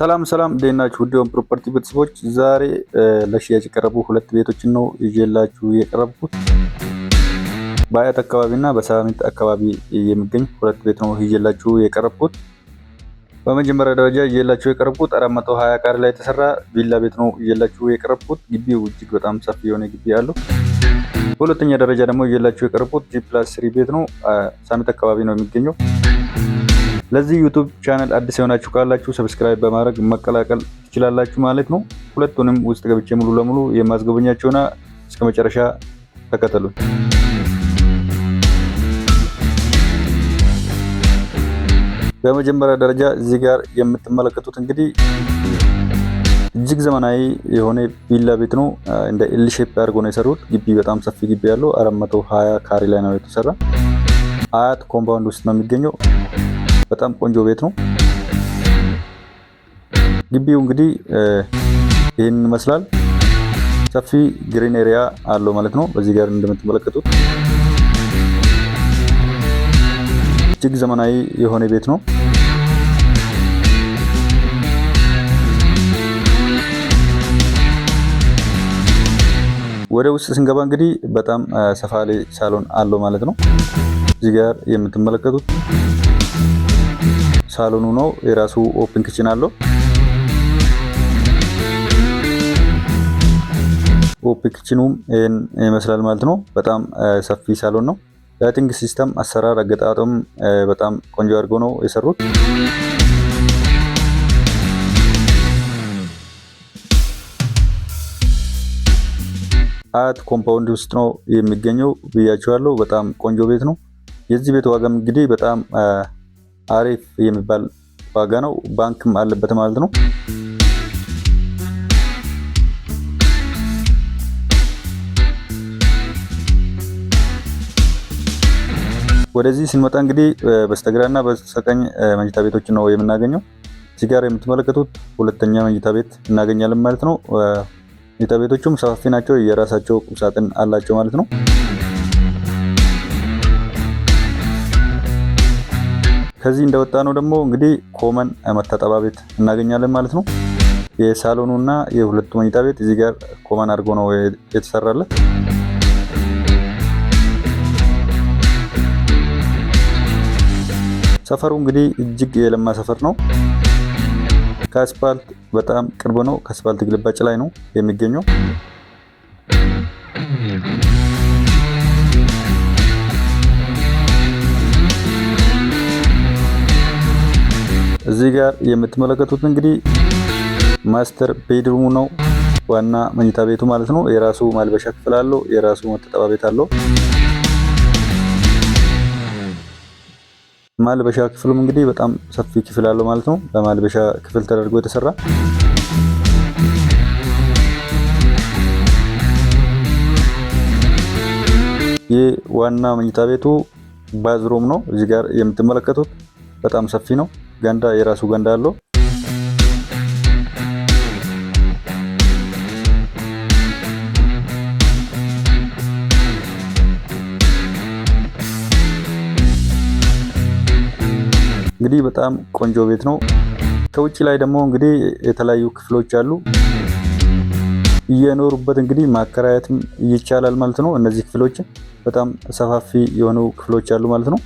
ሰላም ሰላም ደናችሁ ውዲውን ፕሮፐርቲ ቤተሰቦች ዛሬ ለሽያጭ የቀረቡ ሁለት ቤቶችን ነው ይዤላችሁ የቀረብኩት። በአያት አካባቢና በሳሚት አካባቢ የሚገኝ ሁለት ቤት ነው ይዤላችሁ የቀረብኩት። በመጀመሪያ ደረጃ ይዤላችሁ የቀረብኩት 420 ካሬ ላይ የተሰራ ቪላ ቤት ነው ይዤላችሁ የቀረብኩት። ግቢው እጅግ በጣም ሰፊ የሆነ ግቢ አለው። በሁለተኛ ደረጃ ደግሞ ይዤላችሁ የቀረብኩት ጂ ፕላስ ስሪ ቤት ነው፣ ሳሚት አካባቢ ነው የሚገኘው ለዚህ ዩቱብ ቻናል አዲስ የሆናችሁ ካላችሁ ሰብስክራይብ በማድረግ መቀላቀል ትችላላችሁ ማለት ነው። ሁለቱንም ውስጥ ገብቼ ሙሉ ለሙሉ የማስጎበኛችሁና እስከ መጨረሻ ተከተሉን። በመጀመሪያ ደረጃ እዚህ ጋር የምትመለከቱት እንግዲህ እጅግ ዘመናዊ የሆነ ቪላ ቤት ነው። እንደ ኤል አድርጎ ነው የሰሩት። ግቢ በጣም ሰፊ ግቢ ያለው 420 ካሬ ላይ ነው የተሰራ። አያት ኮምፓውንድ ውስጥ ነው የሚገኘው። በጣም ቆንጆ ቤት ነው። ግቢው እንግዲህ ይህን ይመስላል። ሰፊ ግሪን ኤሪያ አለው ማለት ነው። በዚህ ጋር እንደምትመለከቱት እጅግ ዘመናዊ የሆነ ቤት ነው። ወደ ውስጥ ስንገባ እንግዲህ በጣም ሰፋ ያለ ሳሎን አለው ማለት ነው። እዚህ ጋር የምትመለከቱት ሳሎኑ ነው። የራሱ ኦፕን ክችን አለው። ኦፕን ክችኑም ይህን ይመስላል ማለት ነው። በጣም ሰፊ ሳሎን ነው። ላይቲንግ ሲስተም አሰራር አገጣጠም በጣም ቆንጆ አድርገው ነው የሰሩት። አያት ኮምፓውንድ ውስጥ ነው የሚገኘው ብያችኋለሁ። በጣም ቆንጆ ቤት ነው። የዚህ ቤት ዋጋም እንግዲህ በጣም አሪፍ የሚባል ዋጋ ነው። ባንክም አለበት ማለት ነው። ወደዚህ ስንመጣ እንግዲህ በስተግራ እና በስተቀኝ መኝታ ቤቶች ነው የምናገኘው። እዚህ ጋር የምትመለከቱት ሁለተኛ መኝታ ቤት እናገኛለን ማለት ነው። መኝታ ቤቶቹም ሰፋፊ ናቸው። የራሳቸው ቁምሳጥን አላቸው ማለት ነው። ከዚህ እንደወጣ ነው ደግሞ እንግዲህ ኮመን መታጠባ ቤት እናገኛለን ማለት ነው። የሳሎኑ እና የሁለቱ መኝታ ቤት እዚህ ጋር ኮመን አድርጎ ነው የተሰራለት። ሰፈሩ እንግዲህ እጅግ የለማ ሰፈር ነው። ከአስፓልት በጣም ቅርብ ነው። ከአስፓልት ግልባጭ ላይ ነው የሚገኘው። እዚህ ጋር የምትመለከቱት እንግዲህ ማስተር ቤድሩሙ ነው፣ ዋና መኝታ ቤቱ ማለት ነው። የራሱ ማልበሻ ክፍል አለው፣ የራሱ መታጠቢያ ቤት አለው። ማልበሻ ክፍሉም እንግዲህ በጣም ሰፊ ክፍል አለው ማለት ነው። ለማልበሻ ክፍል ተደርጎ የተሰራ ይህ ዋና መኝታ ቤቱ ባዝሩም ነው። እዚህ ጋር የምትመለከቱት በጣም ሰፊ ነው። ገንዳ የራሱ ገንዳ አለው። እንግዲህ በጣም ቆንጆ ቤት ነው። ከውጭ ላይ ደግሞ እንግዲህ የተለያዩ ክፍሎች አሉ። እየኖሩበት እንግዲህ ማከራየትም ይቻላል ማለት ነው። እነዚህ ክፍሎች በጣም ሰፋፊ የሆኑ ክፍሎች አሉ ማለት ነው።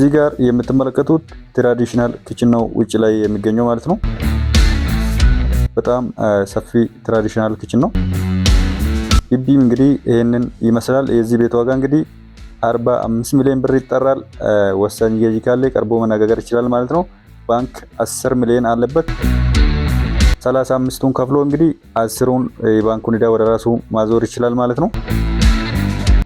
እዚህ ጋር የምትመለከቱት ትራዲሽናል ኪችን ነው፣ ውጭ ላይ የሚገኘው ማለት ነው። በጣም ሰፊ ትራዲሽናል ኪችን ነው። ግቢም እንግዲህ ይህንን ይመስላል። የዚህ ቤት ዋጋ እንግዲህ 45 ሚሊዮን ብር ይጠራል። ወሳኝ ገዢ ካለ ቀርቦ መነጋገር ይችላል ማለት ነው። ባንክ 10 ሚሊዮን አለበት። 35ቱን ከፍሎ እንግዲህ አስሩን የባንኩን ዕዳ ወደ ራሱ ማዞር ይችላል ማለት ነው።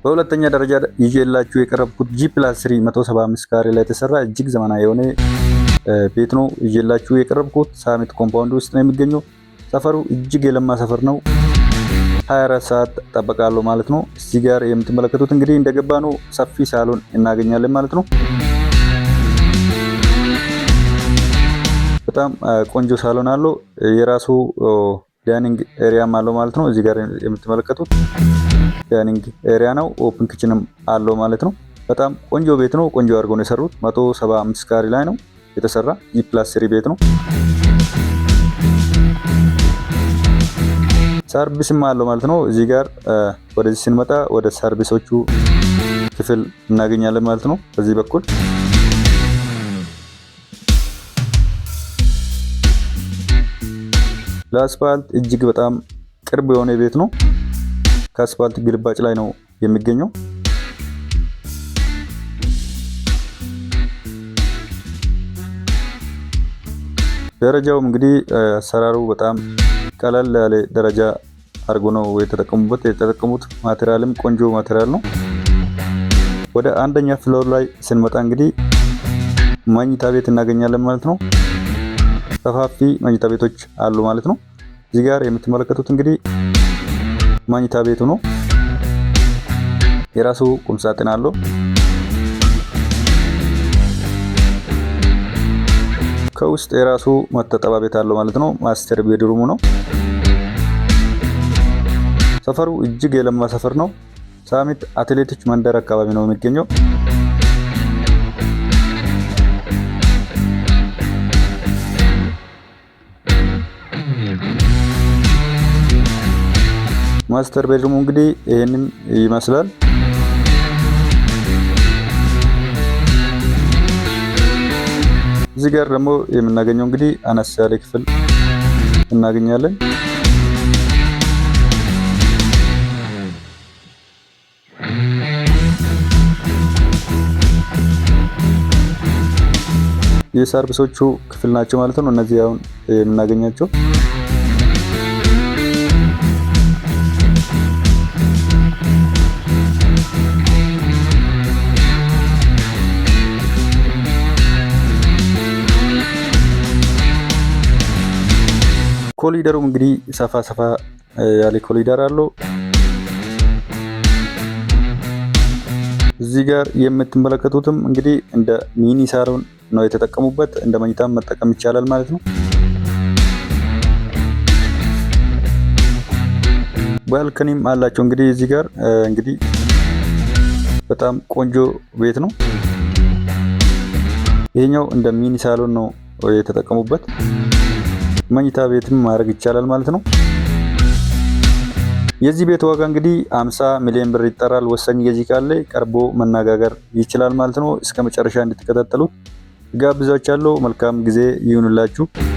በሁለተኛ ደረጃ ይዤላችሁ የቀረብኩት ጂ ፕላስ 3 175 ካሬ ላይ የተሰራ እጅግ ዘመናዊ የሆነ ቤት ነው ይዤላችሁ የቀረብኩት። ሳሚት ኮምፓውንድ ውስጥ ነው የሚገኘው። ሰፈሩ እጅግ የለማ ሰፈር ነው። 24 ሰዓት ጥበቃ ማለት ነው። እዚህ ጋር የምትመለከቱት እንግዲህ እንደገባ ነው ሰፊ ሳሎን እናገኛለን ማለት ነው። በጣም ቆንጆ ሳሎን አለው። የራሱ ዳይኒንግ ኤሪያም አለው ማለት ነው። እዚህ ጋር የምትመለከቱት ዳይኒንግ ኤሪያ ነው። ኦፕን ክችንም አለው ማለት ነው። በጣም ቆንጆ ቤት ነው። ቆንጆ አድርገው ነው የሰሩት። 175 ካሬ ላይ ነው የተሰራ ጂ ፕላስ ስሪ ቤት ነው። ሰርቪስም አለው ማለት ነው። እዚህ ጋር ወደዚህ ስንመጣ ወደ ሰርቪሶቹ ክፍል እናገኛለን ማለት ነው። በዚህ በኩል ለአስፋልት እጅግ በጣም ቅርብ የሆነ ቤት ነው። ከአስፋልት ግልባጭ ላይ ነው የሚገኘው። ደረጃውም እንግዲህ አሰራሩ በጣም ቀለል ያለ ደረጃ አድርጎ ነው የተጠቀሙበት። የተጠቀሙት ማቴሪያልም ቆንጆ ማቴሪያል ነው። ወደ አንደኛ ፍሎር ላይ ስንመጣ እንግዲህ መኝታ ቤት እናገኛለን ማለት ነው። ሰፋፊ መኝታ ቤቶች አሉ ማለት ነው። እዚህ ጋር የምትመለከቱት እንግዲህ ማኝታ ቤቱ ነው። የራሱ ቁምሳጥን አለው። ከውስጥ የራሱ መታጠቢያ ቤት አለው ማለት ነው። ማስተር ቤድሩሙ ነው። ሰፈሩ እጅግ የለማ ሰፈር ነው። ሳሚት አትሌቶች መንደር አካባቢ ነው የሚገኘው። ማስተር ቤድሩሙ እንግዲህ ይህንን ይመስላል። እዚህ ጋር ደግሞ የምናገኘው እንግዲህ አነስ ያለ ክፍል እናገኛለን። የሰርቪሶቹ ክፍል ናቸው ማለት ነው። እነዚህ አሁን የምናገኛቸው ኮሊደሩም እንግዲህ ሰፋ ሰፋ ያለ ኮሊደር አለው። እዚህ ጋር የምትመለከቱትም እንግዲህ እንደ ሚኒ ሳሎን ነው የተጠቀሙበት። እንደ መኝታ መጠቀም ይቻላል ማለት ነው። ባልከኒም አላቸው እንግዲህ እዚህ ጋር እንግዲህ በጣም ቆንጆ ቤት ነው። ይሄኛው እንደ ሚኒ ሳሎን ነው የተጠቀሙበት። መኝታ ቤትም ማድረግ ይቻላል ማለት ነው። የዚህ ቤት ዋጋ እንግዲህ 50 ሚሊዮን ብር ይጠራል። ወሳኝ ገዢ ካለ ቀርቦ መነጋገር ይችላል ማለት ነው። እስከ መጨረሻ እንድትከታተሉ ጋብዛችኋለሁ። መልካም ጊዜ ይሁንላችሁ።